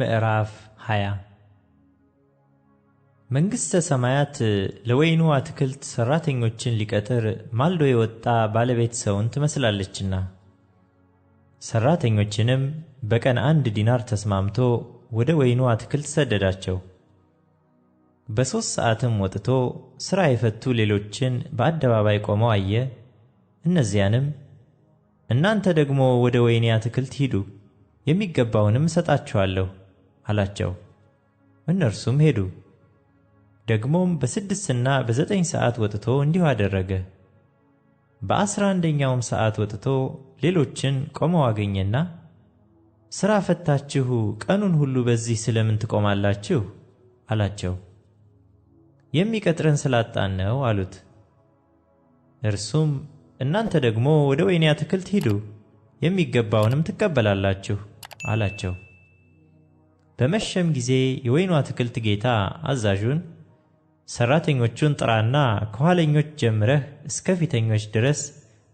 ምዕራፍ 20 መንግሥተ ሰማያት ለወይኑ አትክልት ሠራተኞችን ሊቀጥር ማልዶ የወጣ ባለቤት ሰውን ትመስላለችና። ሠራተኞችንም በቀን አንድ ዲናር ተስማምቶ ወደ ወይኑ አትክልት ሰደዳቸው። በሦስት ሰዓትም ወጥቶ ሥራ የፈቱ ሌሎችን በአደባባይ ቆመው አየ። እነዚያንም እናንተ ደግሞ ወደ ወይኔ አትክልት ሂዱ፣ የሚገባውንም እሰጣችኋለሁ አላቸው። እነርሱም ሄዱ። ደግሞም በስድስትና በዘጠኝ ሰዓት ወጥቶ እንዲሁ አደረገ። በአስራ አንደኛውም ሰዓት ወጥቶ ሌሎችን ቆመው አገኘና ሥራ ፈታችሁ ቀኑን ሁሉ በዚህ ስለምን ትቆማላችሁ? አላቸው። የሚቀጥረን ስላጣን ነው አሉት። እርሱም እናንተ ደግሞ ወደ ወይኔ አትክልት ሂዱ፣ የሚገባውንም ትቀበላላችሁ አላቸው። በመሸም ጊዜ የወይኑ አትክልት ጌታ አዛዡን ሰራተኞቹን ጥራና ከኋለኞች ጀምረህ እስከ ፊተኞች ድረስ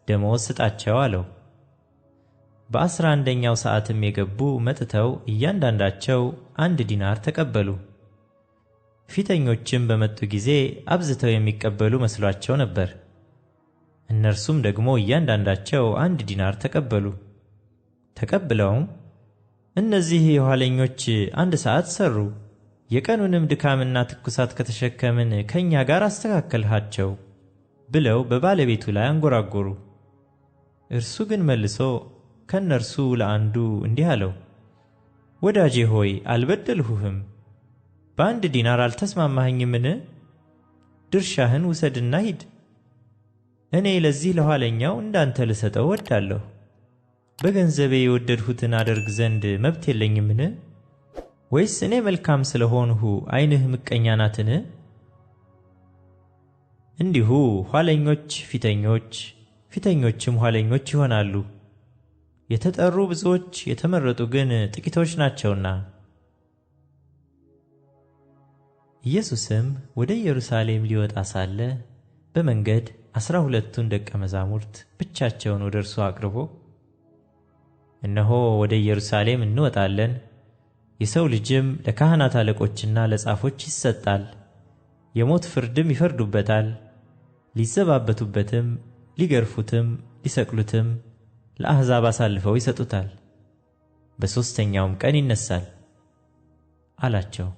ደመወዝ ስጣቸው አለው። በአስራ አንደኛው ሰዓትም የገቡ መጥተው እያንዳንዳቸው አንድ ዲናር ተቀበሉ። ፊተኞችም በመጡ ጊዜ አብዝተው የሚቀበሉ መስሏቸው ነበር። እነርሱም ደግሞ እያንዳንዳቸው አንድ ዲናር ተቀበሉ። ተቀብለውም እነዚህ የኋለኞች አንድ ሰዓት ሰሩ፣ የቀኑንም ድካምና ትኩሳት ከተሸከምን ከእኛ ጋር አስተካከልሃቸው ብለው በባለቤቱ ላይ አንጎራጎሩ። እርሱ ግን መልሶ ከእነርሱ ለአንዱ እንዲህ አለው፣ ወዳጄ ሆይ አልበደልሁህም፣ በአንድ ዲናር አልተስማማኸኝምን? ድርሻህን ውሰድና ሂድ። እኔ ለዚህ ለኋለኛው እንዳንተ ልሰጠው ወዳለሁ። በገንዘቤ የወደድሁትን አደርግ ዘንድ መብት የለኝምን? ወይስ እኔ መልካም ስለሆንሁ ዓይንህ ምቀኛ ናትን? እንዲሁ ኋለኞች ፊተኞች፣ ፊተኞችም ኋለኞች ይሆናሉ። የተጠሩ ብዙዎች፣ የተመረጡ ግን ጥቂቶች ናቸውና። ኢየሱስም ወደ ኢየሩሳሌም ሊወጣ ሳለ በመንገድ ዐሥራ ሁለቱን ደቀ መዛሙርት ብቻቸውን ወደ እርሱ አቅርቦ እነሆ ወደ ኢየሩሳሌም እንወጣለን፣ የሰው ልጅም ለካህናት አለቆችና ለጻፎች ይሰጣል፣ የሞት ፍርድም ይፈርዱበታል፣ ሊዘባበቱበትም ሊገርፉትም ሊሰቅሉትም ለአሕዛብ አሳልፈው ይሰጡታል፣ በሦስተኛውም ቀን ይነሣል አላቸው።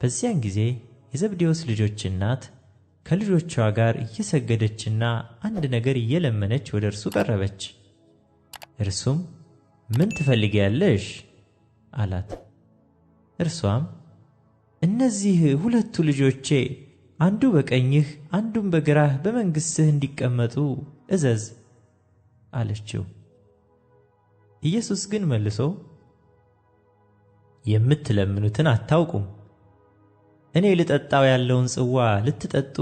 በዚያን ጊዜ የዘብዴዎስ ልጆች እናት ከልጆቿ ጋር እየሰገደችና አንድ ነገር እየለመነች ወደ እርሱ ቀረበች። እርሱም ምን ትፈልጊያለሽ? አላት። እርሷም እነዚህ ሁለቱ ልጆቼ አንዱ በቀኝህ አንዱም በግራህ በመንግሥትህ እንዲቀመጡ እዘዝ አለችው። ኢየሱስ ግን መልሶ የምትለምኑትን አታውቁም፤ እኔ ልጠጣው ያለውን ጽዋ ልትጠጡ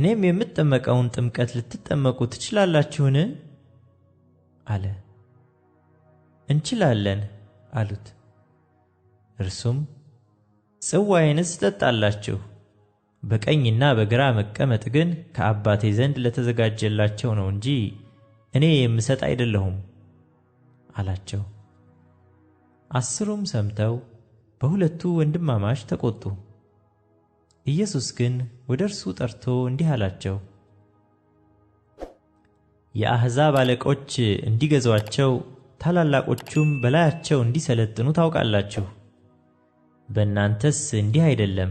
እኔም የምጠመቀውን ጥምቀት ልትጠመቁ ትችላላችሁን? አለ። እንችላለን አሉት። እርሱም ጽዋዬንስ ትጠጣላችሁ፣ በቀኝና በግራ መቀመጥ ግን ከአባቴ ዘንድ ለተዘጋጀላቸው ነው እንጂ እኔ የምሰጥ አይደለሁም አላቸው። አስሩም ሰምተው በሁለቱ ወንድማማች ተቆጡ። ኢየሱስ ግን ወደ እርሱ ጠርቶ እንዲህ አላቸው፣ የአሕዛብ አለቆች እንዲገዟቸው ታላላቆቹም በላያቸው እንዲሰለጥኑ ታውቃላችሁ። በእናንተስ እንዲህ አይደለም።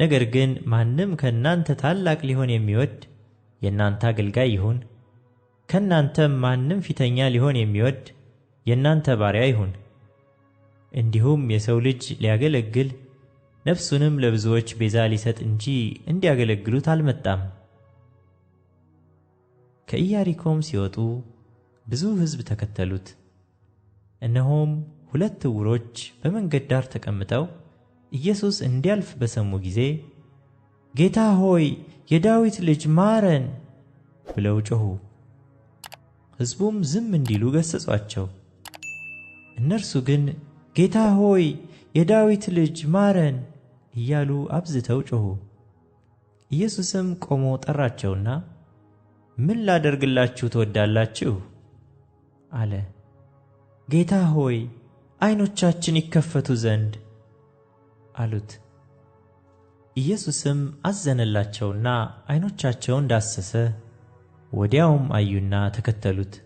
ነገር ግን ማንም ከእናንተ ታላቅ ሊሆን የሚወድ የእናንተ አገልጋይ ይሁን፣ ከእናንተም ማንም ፊተኛ ሊሆን የሚወድ የእናንተ ባሪያ ይሁን። እንዲሁም የሰው ልጅ ሊያገለግል ነፍሱንም ለብዙዎች ቤዛ ሊሰጥ እንጂ እንዲያገለግሉት አልመጣም። ከኢያሪኮም ሲወጡ ብዙ ሕዝብ ተከተሉት። እነሆም ሁለት ዕውሮች በመንገድ ዳር ተቀምጠው ኢየሱስ እንዲያልፍ በሰሙ ጊዜ ጌታ ሆይ፣ የዳዊት ልጅ ማረን ብለው ጮኹ። ሕዝቡም ዝም እንዲሉ ገሠጿቸው። እነርሱ ግን ጌታ ሆይ፣ የዳዊት ልጅ ማረን እያሉ አብዝተው ጮኹ። ኢየሱስም ቆሞ ጠራቸውና ምን ላደርግላችሁ ትወዳላችሁ? አለ። ጌታ ሆይ ዐይኖቻችን ይከፈቱ ዘንድ አሉት። ኢየሱስም አዘነላቸውና ዐይኖቻቸውን ዳሰሰ፤ ወዲያውም አዩና ተከተሉት።